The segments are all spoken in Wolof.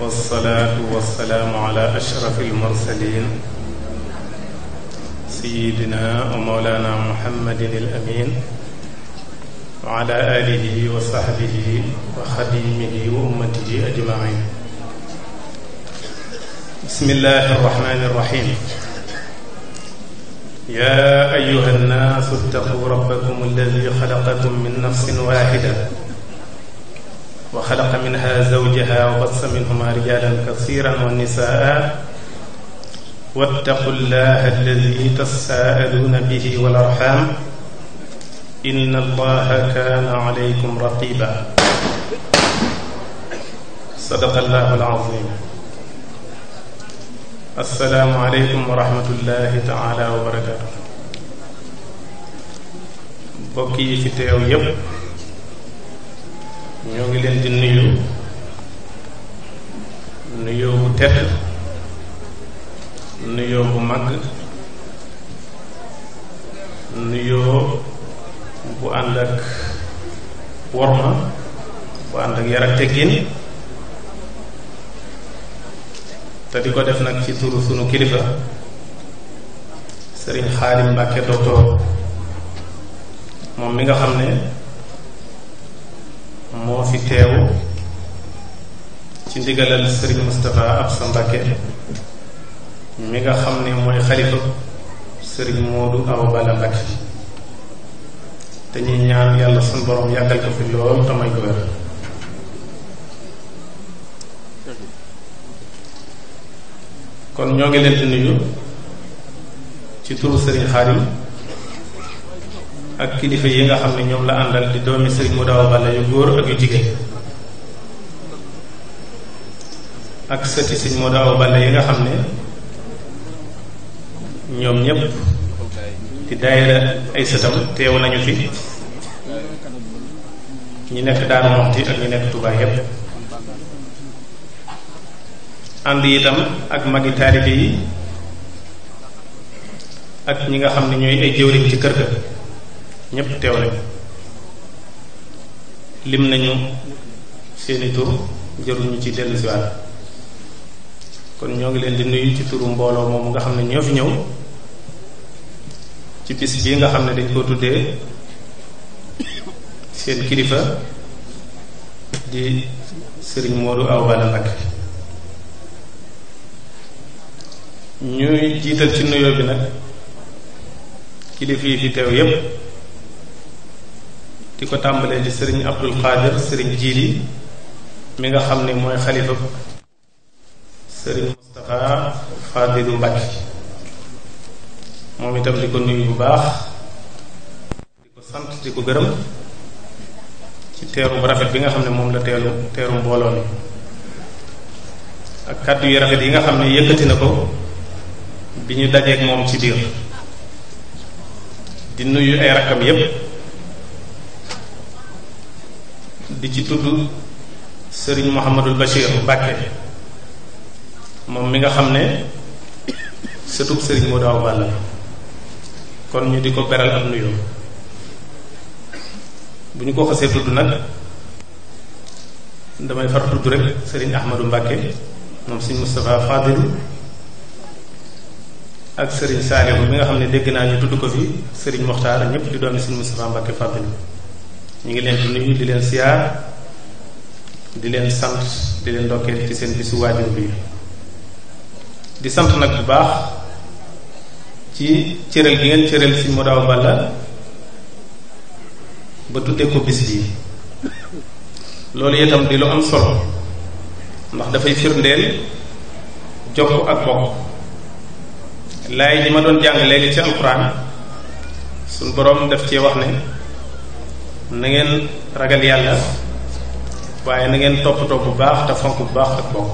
wasalaatu wasalaamu ala ashraf almursalin sayidina wa mawlana muhammadin al amin wa ala alihi wa sahbihi wa xadimihi wa ummatihi ajmain bismillahi arrahmani arrahim ya ayuha annasu ittaqu rabbakum alladi xalaqakum min nafsin waxida wa xalaqa minha zawjaha wa bassa minhuma rijalan kasiran wa nisaa wattaqu llaha alladi tasaaluuna bihi wal arxam inna allaha kaana alaykum raqiba sadaqa allahu alazim assalaamu aleykum wa rahmatullahi taala wa barakatuh mbokk yi fi teew yépp ñoo ngi leen di nuyu nuyoo bu tedd nuyoo bu màgg nuyoo bu ànd ak worma bu ànd ak yar ak te di ko def nag ci turu sunu kilifa sëriñ Xaadim Mbàkke docteur moom mi nga xam ne moo fi teew ci ndigalal Serigne Moustapha Absa Mbacké mi nga xam ne mooy xalifa Serigne Modou Awa Balla Mbacké te ñuy ñaan yàlla sunu borom yàggal ko fi lool tamay ko wér kon ñoo ngi leen di nuyu ci turu Serigne Xaadim ak kilifa yi nga xam ne ñoom la àndal di doomi sëriñ mu daaw balla yu góor ak yu jigéen ak sëti sëriñ mu daaw balla yi nga xam ne ñoom ñépp di daayira ay sëtam teew nañu fi ñi nekk Daaru Muxti ak ñi nekk Tuubaa yépp ànd itam ak magi taalibe yi ak ñi nga xam ne ñooy ay jëwriñ ci kër ga ñépp teew nañ lim nañu seeni tur jëruñu ci dellusiwaat kon ñoo ngi leen di nuyu ci turu mbooloo moomu nga xam ne ñoo fi ñëw ci bis bii nga xam ne dañ ko tuddee seen kilifa di sëriñ Moodu Awa Balla Mbakke ñuy jiital ci nuyoo bi nag kilifa yi fi teew yépp di ko tàmbalee di sëriñ Abdul Xaadir sëriñ Jiili mi nga xam ne mooy xalifa sëriñ Moustapha Fadilu Mbàkke moom itam di ko nuyu bu baax di ko sant di ko gërëm ci teeru bu rafet bi nga xam ne moom la teelu teeru mbooloo mi ak kàddu yi rafet yi nga xam ne yëkkati na ko bi ñu dajeeg moom ci biir di nuyu ay rakkam yépp di ci tudd sëriñ Mouhamadul Bachir Mbacke moom mi nga xam ne sëtub sëriñ moo daaw bàll kon ñu di ko beral ak nuyoo bu ñu ko xasee tudd nag damay far tudd rek sëriñ Ahmadou Mbacke moom sëriñ Moustapha Fadilu ak sëriñ Saliou mi nga xam ne dégg naa ñu tudd ko fi sëriñ Mokhtar ñëpp di doon sëriñ Moustapha Mbacke Fadilu ñu ngi leen di di leen siyaar di leen sant di leen ndokkeel ci seen bisu waajur bi di sant nag bu baax ci cëral gi ngeen si ci Modaw Balla ba tuddee ko bis bi loolu itam di lu am solo ndax dafay firndeel jokk ak bokk laay ji ma doon jàng léegi ci alxuraan suñ boroom daf cee wax ne na ngeen ragal yàlla waaye na ngeen toppatoo bu baax te fonk bu baax ak bokk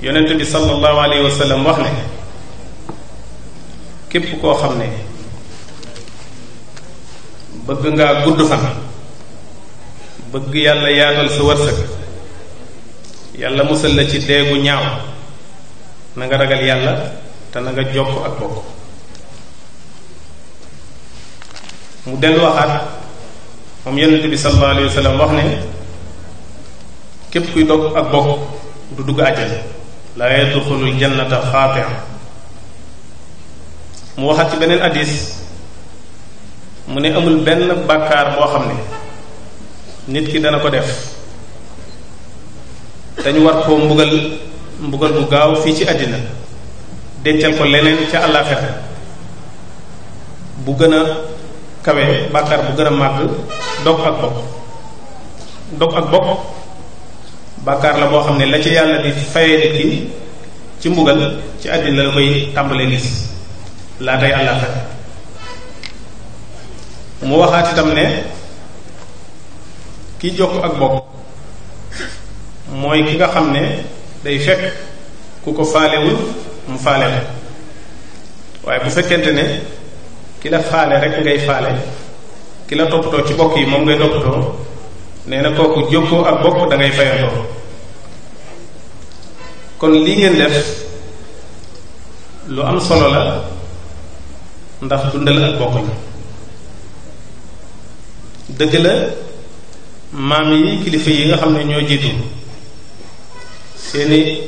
yonent bi sallallahu alayhi wa wax ne képp koo xam ne bëgg ngaa gudd fan bëgg yàlla yaatal sa wërsëg yàlla musal la ci deegu ñaaw na nga ragal yàlla te na nga jokk ak bokk mu dellu waxaat moom yonent bi sallallahu alayhi wax ne képp kuy dog ak bokk du dugg àjjana la yadxulul jannata xaatia mu mu ne amul benn bàkkaar boo xam ne nit ki dana ko def dañu war koo bu gaaw fii ci àddina dencal ko leneen bu gën kawe bàkkaar bu gën a màgg dog ak bokk dog ak bokk bàkkaar la boo xam ne la ci yàlla di fayee nit ki ci mbugal ci àddina la koy tàmbalee gis laa tey àllaaxira mu waxaat itam ne ki jokk ak bokk mooy ki nga xam ne day fekk ku ko faalewul mu faale ko waaye bu fekkente ne ki la faale rek ngay faale kila la toppatoo ci bokk yi moom ngay toppatoo nee na kooku jokkoo ak bokk da ngay fayantoo kon lii ngeen def lu am solo la ndax dundal ak bokk ñu dëgg la maam yi kilifa yi nga xam ne ñoo jiitu seeni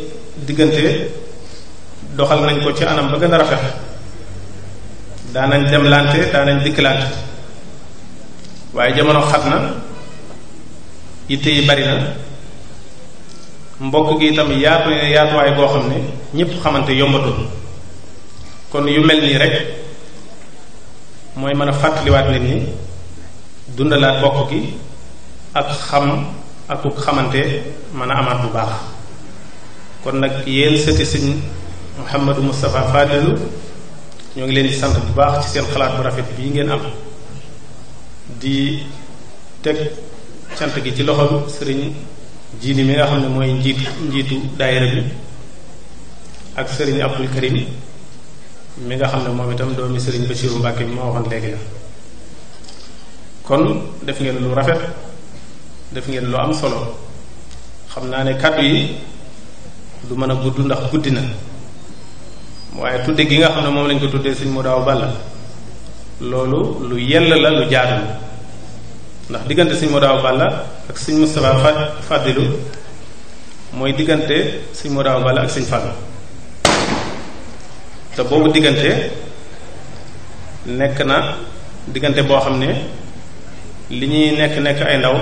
diggante doxal nañ ko ci anam ba gën a rafet daanañ demlante daanañ dikkalante waaye jamono xat na yitte yi bari na mbokk gi itam yaatu yaatuwaay boo xam ne ñépp xamante yombatul kon yu mel nii rek mooy mën a fàttaliwaat nit ñi dundalaat bokk gi ak xam ak xamante mën a amaat bu baax kon nag yéen sëti sëñ Mouhamadou Moustapha Fadilu ñoo ngi leen di sant bu baax ci seen xalaat bu rafet bii ngeen am di teg cant gi ci loxol sëriñ jiili mi nga xam ne mooy njiit njiitu daayira ak sëriñ Abdul Karim mi nga xam ne moom itam doomi sëriñ Bachiru Mbàkke bi ma waxoon léegi la kon def ngeen lu rafet def ngeen lu am solo xam naa ne kàddu yi lu mën a gudd ndax guddi na waaye tudde gi nga xam ne moom lañ ko tuddee sëñ mu daaw balla loolu lu yell la lu jaadu ndax diggante sëñ mu daaw ak ak sëñ Moustapha Fadilu mooy diggante sëñ mu daaw ak sëñ Fàllu te boobu diggante nekk na diggante boo xam ne li ñuy nekk nekk ay ndaw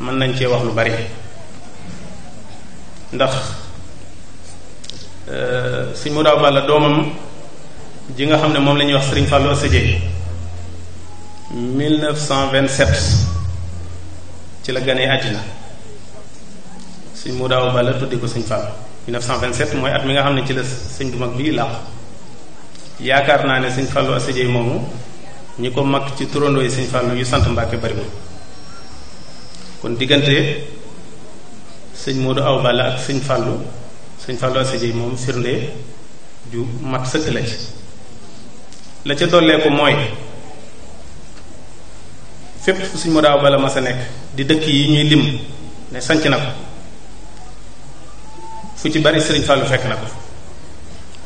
mën nañ cee wax lu bari ndax Euh, sëñ Mourou Balla doomam ji nga xam ne moom la ñuy wax Serigne Fallou vingt 1927 ci la ganee àddina sëñ Mourou Balla tudde ko cent vingt 1927 mooy at mi nga xam ne ci la sëñ bu mag bii làqu yaakaar naa ne sëñ Fallou Assadie moomu ñi ko mag ci turandoo yi sëñ Fallou yu sant Mbàkke bariwul kon diggante sëñ Mourou Awa Balla ak sëñ Fallou. suñ Fallou Assa Dieye moom firnde ju mat sëkk la ci la ca dolleeku mooy fépp fu suñ mu daaw bala ma sa nekk di dëkk yi ñuy lim ne sanc na ko fu ci bari sëriñ Fallou fekk na ko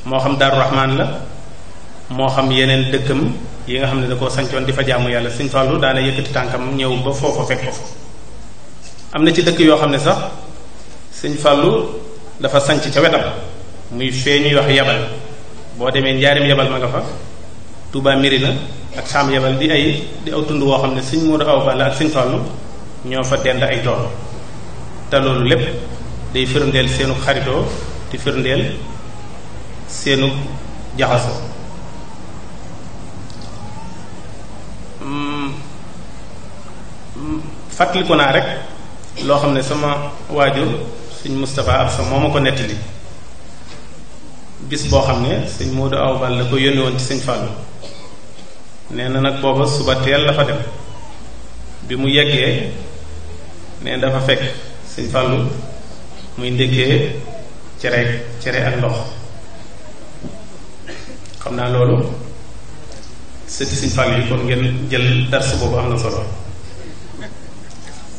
moo xam Daaru Rahman la moo xam yeneen dëkkam yi nga xam ne da koo sancoon di fa jàmm yàlla siñ Fallou daana yëkkati tànkam ñëw ba foofa fekk ko fa am na ci dëkk yoo xam ne sax sëriñ Fallou dafa sanc ca wetam muy fee ñuy wax yabal boo demee njaarim yabal ma nga fa Touba Mirina ak Saam yabal di ay di aw tund woo xam ne sëñ Moodu Awa Balla ak sëñ Fallu ñoo fa dend ay tool te loolu lépp day firndeel seenu xaritoo di firndeel seenu jaxasoo hmm. hmm. fàttaliku naa rek loo xam ne sama waajur sëñ Moustapha Absa moo ma ko nettali bis boo xam ne sëñ Modou Awa Balla la ko yónni woon ci sañ Fallou nee na nag booba suba teel la fa dem bi mu yeggee nee dafa fekk sëñ Fallou muy ndékkee cere cere ak ndox xam naa loolu sëti sëñ Fallou jël dars boobu am na solo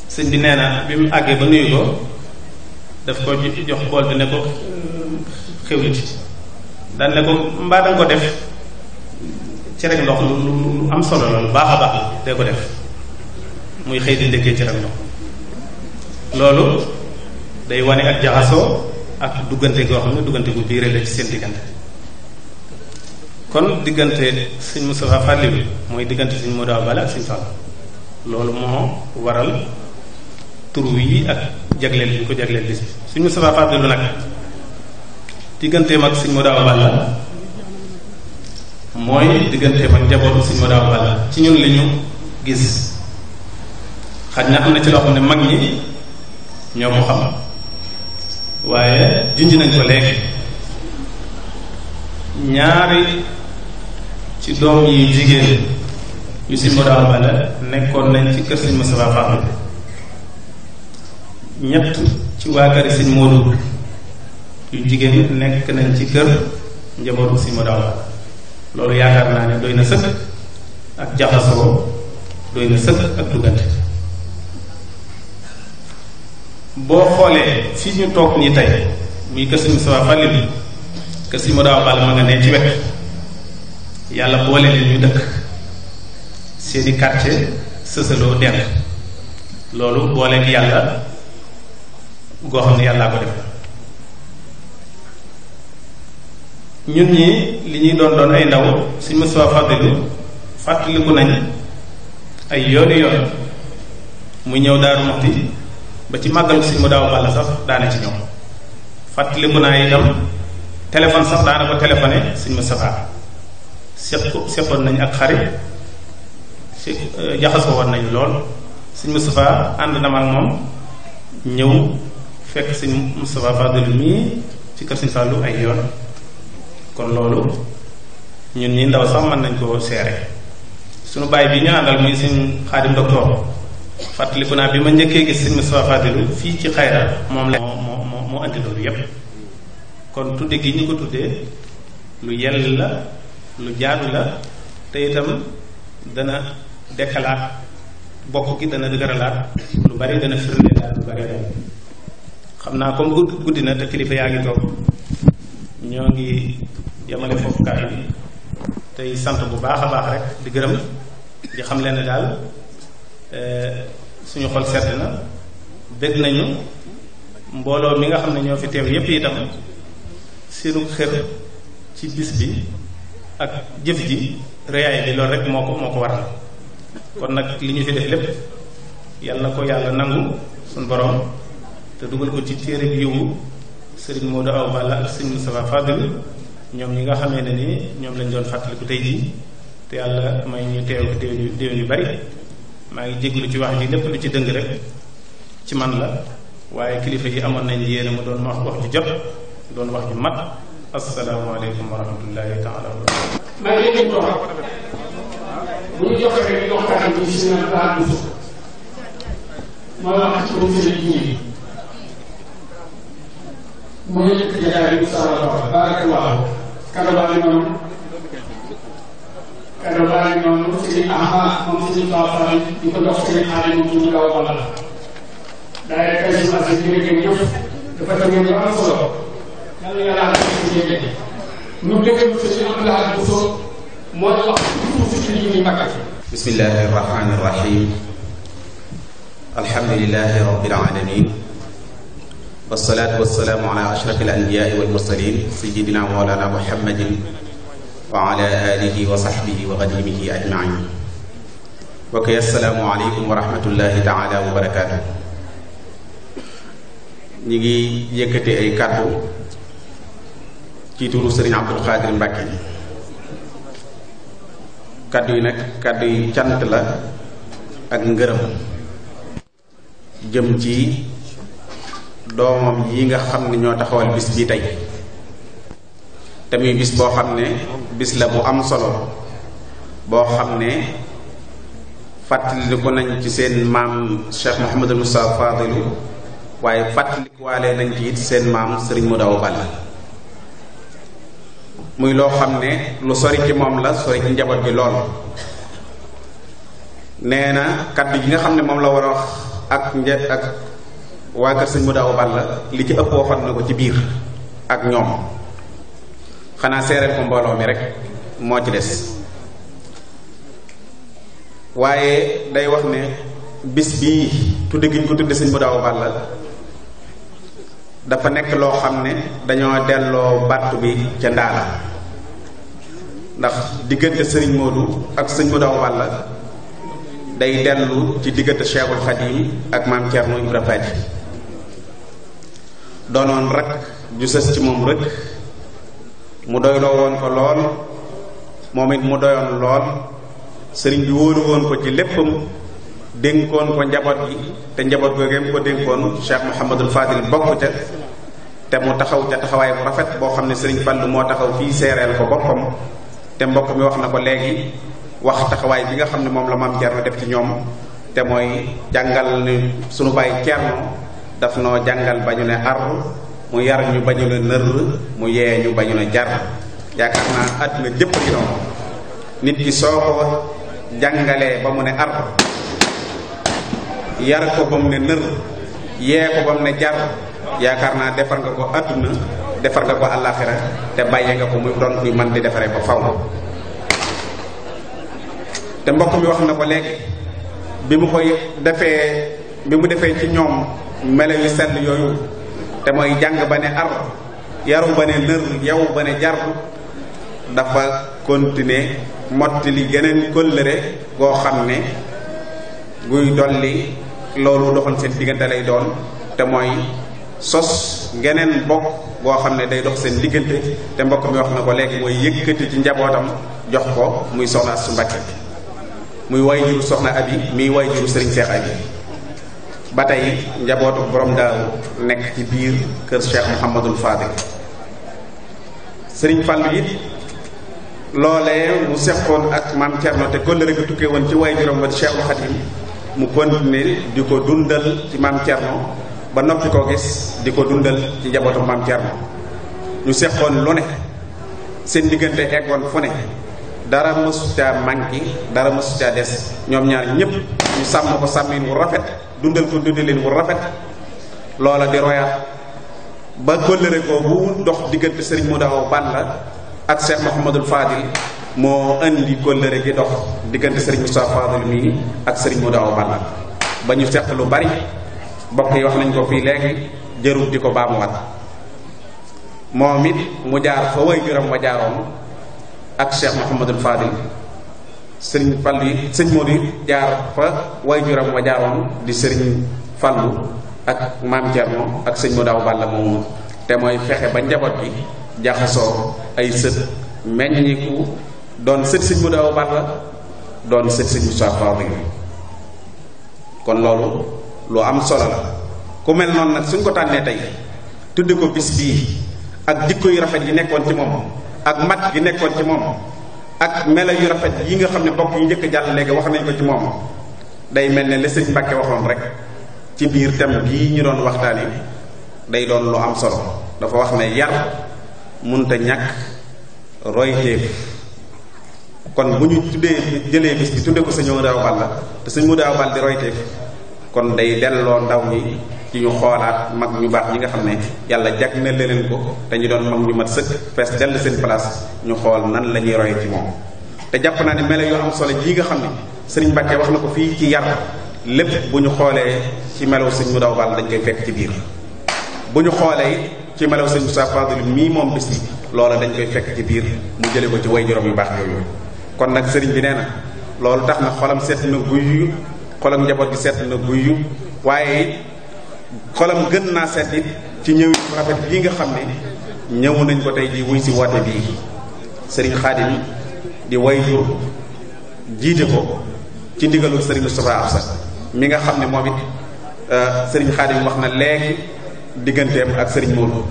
sëñ bi nee na bi mu àggee ba nuyu ko daf ko jox bool bi ne ko xewliti daan ne ko mbaa danga ko def cere ak ndox lu lu am solo la lu baax a baax la te ko def muy xëy di ndekkee cere ndox loolu day wane ak jaxasoo ak duggante goo xam ne duggante gu biire la ci seen diggante kon diggante sëñ Moustapha Fallou bi mooy diggante sëñ Modou Abala ak sëñ Fall loolu moo waral turu wi ak jagleel bi ko jagleel bis bi suñ Moustapha Fadilou nag digganteem ak suñ Modou Awa Balla mooy digganteem ak njabootu suñ Modou Awa Balla ci ñun li ñu gis xaj na am na ci loo xam ne mag ñi ñoo ko xam waaye junj nañ ko léegi ñaari ci doom yi jigéen yu si Modou Awa Balla nekkoon nañ ci kër suñ Moustapha Fadilou ñett ci waa kër sëñ Modou yu jigéen nekk nañ ci kër si sëñ Modou Awa loolu yaakaar naa ne doy na sëkk ak jaxasoo doy na sëkk ak duggante boo xoolee fii ñu toog ñi tey muy kër sëñ Moustapha Fallou bi kër sëñ Modou Awa Balla ma nga ne ci wet yàlla boole leen ñu dëkk seeni quartier sësaloo dend loolu booleeg yàlla goo xam ne yàllaa ko def ñun ñi li ñuy doon doon ay ndaw suñu mësuwaa fàttali fàttaliku nañ ay yooni yoon mu ñëw daaru muxti ba ci màggal si mu daaw bàll sax daana ci ñëw fàttaliku naa itam téléphone sax daana ko téléphoné suñu Moustapha seq seqoon nañ ak xarit si euh, jaxasoo woon nañu lool suñu Moustapha ànd na ma moom ñëw fekk sëñ Moustapha Fadel mii ci kër sëñ ay yoon kon loolu ñun ñi ndaw sax mën nañ koo seere sunu baay bi ñu àndal muy sëñ Xaadim docteur fàttaliku naa bi ma njëkkee gis sëñ Moustapha fii ci xayra moom la moo moo moo andi loolu yépp kon tudde gi ñu ko tuddee lu yell la lu jaadu la te itam dana dekkalaat bokk gi dana dëgëralaat lu bari dana firndeelaat lu bari xam naa comme guddi na te kilifa yaa ngi toog ñoo ngi yemale foofu kaay bi tey sant bu baax a baax rek di gërëm di xam leen daal eh, suñu xol sedd na bëgg nañu mbooloo mi nga xam ne ñoo fi teew yépp itam seenu xër ci bis bi ak jëf ji reyaay bi loolu rek moo ko moo ko waral kon nag li ñu fi def lépp yàlla ko yàlla nangu suñu boroom te dugal ko ci téere bi yëngu Serigne Modou Awa Balla ak Serigne Moustapha Fadil ñoom ñi nga xamee ni ñoom lañ doon fàttaliku tey jii te yàlla may ñu teew ko déwén yu déwén yu bari maa ngi jéglu ci wax ji lépp lu ci dëng rek ci man la waaye kilifa yi amoon nañ yéene mu doon wax wax ju jot doon wax ju mat asalaamaaleykum wa rahmatullahi taala wa barakatu maa ngi leen ko wax bu bi ci seen ma wax ci mu ngi njëkk jotaay bi salaamaaleykum barakallahu kaddu baa ngi noonu kaddu baa ngi noonu sëriñ Aha moom sëriñ Fafal di ko dox sëriñ Aliou moom suñu gaw wala la. daay rek ay semence yi ñu nekk ñëpp dafa tënk ñu am solo yàlla yàlla na ko suñu yëngu yi. ñu dégg ñu sëriñ Abdoulaye Bousso moo la wax tuuti ci li ñuy màggal. bismillahi rahmaani rahim alhamdulilahi rabbil alamin wasalaatu wasalaamu ala ashraf al anbiyaai wal mursalin sayidina muhammadin wa ala alihi wa sahbihi wa xadimihi ajmain bokk asalaamu aleykum wa rahmatullahi taala wa barakaatu ñi ngi yëkkati ay kàddu ci turu sëriñ Abdul Xaadir Mbàkke kàddu yi nag kàddu yi cant la ak ngërëm jëm ci doomam yi nga xam ne ñoo taxawal bis bii tey te muy bis boo xam ne bis la bu am solo boo xam ne fàttaliku nañ ci seen maam Cheikh Mouhamadul Moustapha Fadilu waaye fàttalikuwaale nañ seen maam Serigne Modaw Ball muy loo xam ne lu sori ci moom la sori ci njaboot gi lool nee na kaddu gi nga xam ne moom la war a ak nje ak waa kër sëñ mu daaw balla li ci ëpp waxoon na ko ci biir ak ñoom xanaa seereel ko mbooloo mi rek moo ci des waaye day wax ne bis bii tudde gi ñu ko tudde sëñ mu daaw balla dafa nekk loo xam ne dañoo delloo battu bi ca ndaala ndax diggante sëriñ Moodu ak sëñ mu daaw balla day dellu ci diggante Cheikhul Khadim ak maam Thierno Ibrahima Fati doonoon rek ju sës ci moom rek mu doyloo woon ko lool moom it mu doyoon lool sëriñ bi wóoru woon ko ci léppam dénkoon ko njaboot gi te njaboot googee mu ko dénkoon Cheikh Mouhamadul Fadil bokk ca te mu taxaw ca taxawaay bu rafet boo xam ne sëriñ Fallu moo taxaw fii seereel ko boppam te mbokk mi wax na ko léegi wax taxawaay bi nga xam ne moom la maam Cerno def ci ñoom te mooy jàngal ne sunu bàyyi Cerno daf noo jàngal ba ñu ne ar mu yar ñu ba ñu ne nër mu yee ñu ba ñu ne jar yaakaar naa àdduna jëpp ci noonu nit ki soo ko jàngalee ba mu ne ar yar ko ba mu ne nër yee ko ba mu ne jar yaakaar naa defar nga ko àdduna defar nga ko àllaaxira te bàyyee nga ko muy doon kuy man di defaree ba faw te mbokk mi wax na ko léegi bi mu koy defee bi mu defee ci ñoom melo yu sell yooyu te mooy jàng ba ne ar yaru ba ne nër yow ba ne jar dafa continuer motti li geneen kóllëre goo xam ne guy dolli loolu doxoon seen diggante lay doon te mooy sos geneen mbokk boo xam ne day dox seen diggante te mbokk mi wax na ko léegi mooy yëkkati ci njabootam jox ko muy soxna su Mbàkke muy waay juru soxna yi muy waay juru sëriñ Seex abi ba tey njabootu borom daaru nekk ci biir kër Cheikh Mouhamadul Fadil sëriñ Fallu it loolee mu seqoon ak maam Thierno te kóllëre gi tukkee woon ci way juróom wa Cheikhul Khadim mu continuer di ko dundal ci maam Thierno ba noppi koo gis di ko dundal ci njabootu maam Thierno ñu seqoon lu ne seen diggante eggoon fu ne dara mësu caa manqué dara mësu caa des ñoom ñaar ñëpp ñu sàmm ko sàmmin wu rafet. dundal ko dundalin bu rafet loola di royaat ba kóllëre ko bu dox diggante sëriñ mu daaw Balla ak Cheikh Mouhamadul Fadil moo indi kóllëre gi dox diggante sëriñ Moussa Fadil mii ak ba ñu set lu bari bokk yi wax nañ ko fii léegi jërut di ko baamuwaat moom it mu jaar fa way juram wa jaaroon ak Cheikh Mouhamadul Fadil sëriñ Fall yi sëñ Modou yi jaar fa waajuram wa jaaroon di sëriñ Fallu ak maam Thierno ak sëñ Modou Awa Balla moomu te mooy fexe ba njaboot bi jaxasoo ay sët meññiku doon sët sëñ Modou Awa Balla doon sët sëñ Moussa Fall kon loolu lu am solo la ku mel noonu nag suñ ko tànnee tey tudde ko bis bii ak jikko yu rafet yi nekkoon ci moom ak mat gi nekkoon ci moom. ak melo yu rafet yi nga xam ne bokk yi njëkk jàll léegi wax nañ ko ci moom day mel ne li sëñ Mbàkke waxoon rek ci biir thème bii ñu doon waxtaane day doon lu am solo dafa wax ne yar munta ñàkk roy téef kon bu ñu tuddee jëlee bis bi tudde ko sëñ Modou Awa Balla te sëñ Modou Awa di roy téef kon day delloo ndaw ñi ci ñu xoolaat mag ñu baax ñi nga xam ne yàlla jag na leneen ko te doon mag ñu mat sëkk fees dell seen place ñu xool nan la ñuy roye ci moom te jàpp naa ne melo yu am solo ji nga xam ne sëriñ Mbàkke wax na ko fii ci yar lépp bu ñu xoolee ci melaw sëñ mu daw ball dañ koy fekk ci biir bu ñu xoolee ci melaw sëñ Moussa Fadil mii moom bis bi loola dañ koy fekk ci biir mu jële ko ci way juróom yu baax yooyu kon nag sëriñ bi nee na loolu tax na xolam seet na guy yu xolam njaboot gi seet na guy yu waaye xolam gën naa set it ci ñëw rafet yi nga xam ne ñëw nañ ko tey ji wuy si woote bii sëriñ xaadim di way yu jiite ko ci ndigalul sëriñ Moustapha Absa mi nga xam ne moom it euh, sëriñ xaadim wax na léegi digganteem ak sëriñ Modou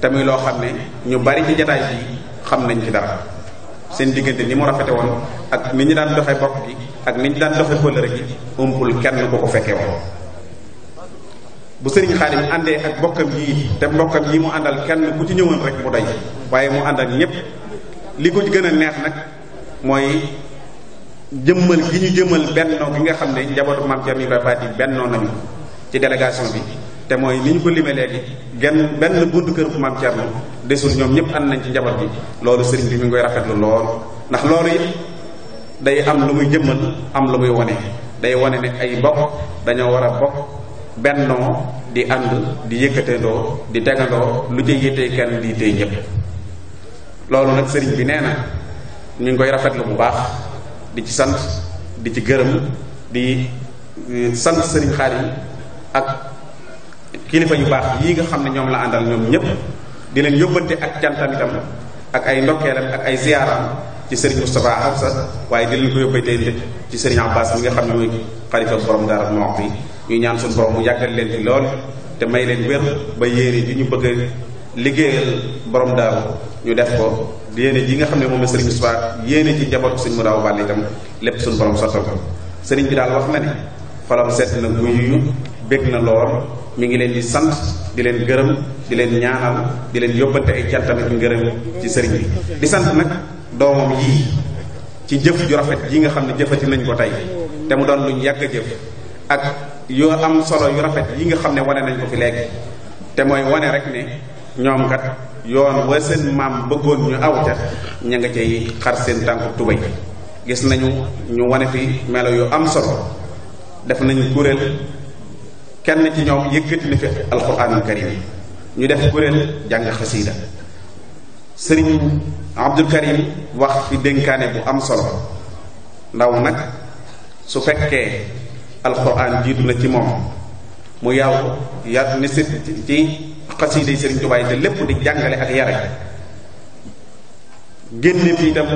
te muy loo xam ne ñu bari ci jataay bi xam nañ ci dara seen diggante ni mu rafete woon ak ni ñu daan doxe bokk gi ak ni ñu daan doxe kóllëre gi umpul kenn ko ko fekkee woon bu sëriñ xaadim àndee ak bokkam yii te bokkam yii mu àndal kenn ku ci ñëwoon rek mu doy waaye mu àndal ñépp li ko gën a neex nag mooy jëmmal gi ñu jëmmal bennoo gi nga xam ne njabootu maam Cerno Ibrahima Faati bennoo nañu ci délégation bi te mooy ni ñu ko limee léegi genn benn buntu kër bu maam Cerno desul ñoom ñëpp ànd nañ ci njaboot bi loolu sëriñ bi mi ngi koy rafetlu lool ndax loolu it day am lu muy jëmmal am lu muy wone day wone ne ay bokk dañoo war a bokk bennoo di ànd di yëkkatendoo di tegandoo lu ca yittee kenn di yittee ñëpp loolu nag sëriñ bi nee na ñu ngi koy rafetlu bu baax di ci sant di ci gërëm di e, sant sëriñ Xaadim ak kilifa yu baax yii nga xam ne ñoom la àndal ñoom ñëpp di leen yóbbante ak cantam ak ay ndokkeelam ak ay ziyaaram ci sëriñ Moustapha Absa waaye di leen ko yóbbante ci sëriñ Abbas mi nga xam ne mooy xalifa borom dara moo bi ñuy ñaan suñu borom mu yàggal leen ci lool te may leen wér ba yéene ji ñu bëgg a liggéeyal borom daaru ñu def ko yéene ji nga xam ne moom la sëriñ Moussa yéene ci njaboot suñ mu daaw bàll itam lépp suñ borom sottal ko sëriñ bi daal wax na ne xolam set na yu bég na lool mu ngi leen di sant di leen gërëm di leen ñaanal di leen yóbbante ay cantami ci ngërëm ci sëriñ bi di sant nag doomam yii ci jëf ju rafet yi nga xam ne jëfati nañ ko tey te mu doon luñ yàgg a yoo am solo yu rafet yi nga xam ne wone nañ ko fi lekk te mooy wane rek ne ñoom kat yoon wa seen maam bëggoon ñu aw ca ña nga cay xar seen tànku tubéy gis nañu ñu wane fi melo yu am solo def nañu kuréel kenn ci ñoom yëkkati na fi alquranul karim ñu def kuréel jàng xasiida sëriñ abdul karim wax fi dénkaane bu am solo ndaw nag su fekkee alxuraan jiitu na ci moom mu yaw yar ni sit ci xasiida yi Sëriñ Tuubaa te lépp di jàngale ak yare génne fi itam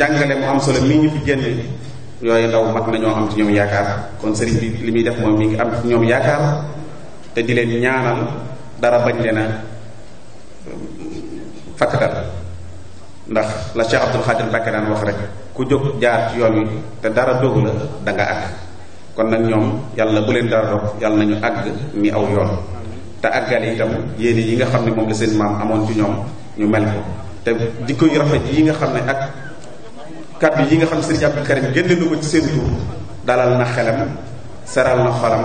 jàngale mu am solo mii ñu fi génne yooyu ndaw mag na am ci ñoom yaakaar kon sëriñ bi li muy def moom mi ngi am ci ñoom yaakaar te di leen ñaanal dara bañ leen a fakkatal ndax la Cheikh Abdul Xaadir Mbàkke daan wax rek ku jóg jaar ci yoon wi te dara doogu la da nga kon nag ñoom yàlla bu leen dara rob yàlla nañu àgg ni aw yoon te àggale itam yéene yi nga xam ne moom la seen maam amoon ci ñoom ñu mel ko te jikko yu rafet yi nga xam ne ak kàddu yi nga xam ne sëriñ Abdou Karim génne na ko ci seen tur dalal na xelam seral na xolam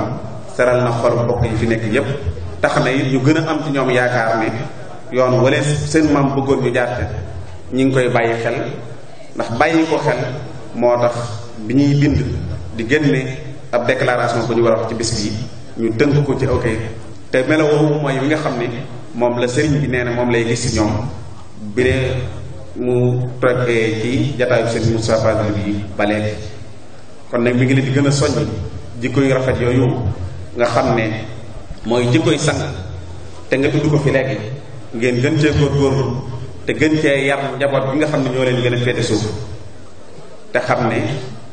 seral na xol mbokk yi fi nekk yépp tax na it ñu gën a am ci ñoom yaakaar ne yoon wala seen maam bëggoon ñu jaarte ñi ngi koy bàyyi xel ndax bàyyi ko xel moo tax bi ñuy bind di génne ab déclaration bu ñu war ci bis bii ñu tënk ko ci ok kayit te melo woowu mooy bi nga xam ne moom la sëriñ bi nee na moom lay gis ci ñoom bi ne mu toggee ci jataayu sëriñ Moussa Fadil bi ba kon nag mi ngi leen di gën a soññ jikko yu rafet yooyu nga xam ne mooy jikkoy sang te nga tudd ko fi léegi ngeen gën cee góorgóorlu te gën cee yar njaboot bi nga xam ne ñoo leen gën a féete suuf te xam ne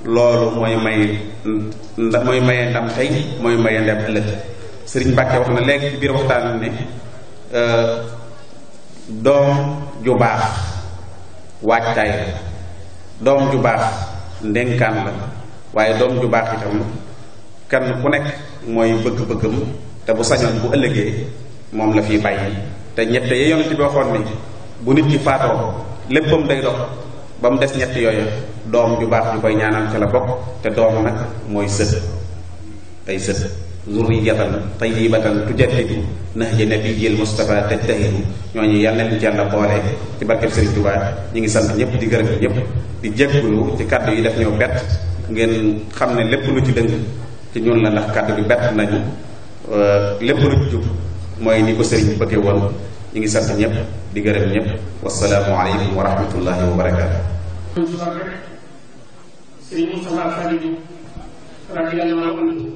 loolu mooy maye mooy maye ndam tey mooy maye ndam ëllëg sëriñ Mbàkke wax na léegi ci biir waxtaan ne euh, doom ju baax waajtaay la doom ju baax ndenkaan la waaye doom ju baax itam kan ku nekk mooy bëgg-bëggam te bu sañoon bu ëllëgee moom la fiy bàyyi te ñett ya yonent bi waxoon ni bu nit ki faatoo léppam day dox ba mu des ñett yooyu doom ju baax ju koy ñaanal ca la bokk te doom nag mooy sët ay sët zurriyatan tayyibatan tujaddidu nahja nabiyil Mustafa tajtahidu ñooñu yal na leen ci yàlla boole ci barkeb Sëriñ Tuubaa ñu ngi sant ñëpp di gërëm ñëpp di jéggulu ci kàddu yi def ñëw bett ngeen xam ne lépp lu ci dëng ci ñun la ndax kàddu bi bett nañu euh, lépp lu ci jub mooy ni ko sëriñ bi bëggee ngi sant ñëpp di gërëm ñëpp wasalaamu aleykum wa rahmatullahi wa sëriñ Moustapha Fallou Diouf radiyallahu anhu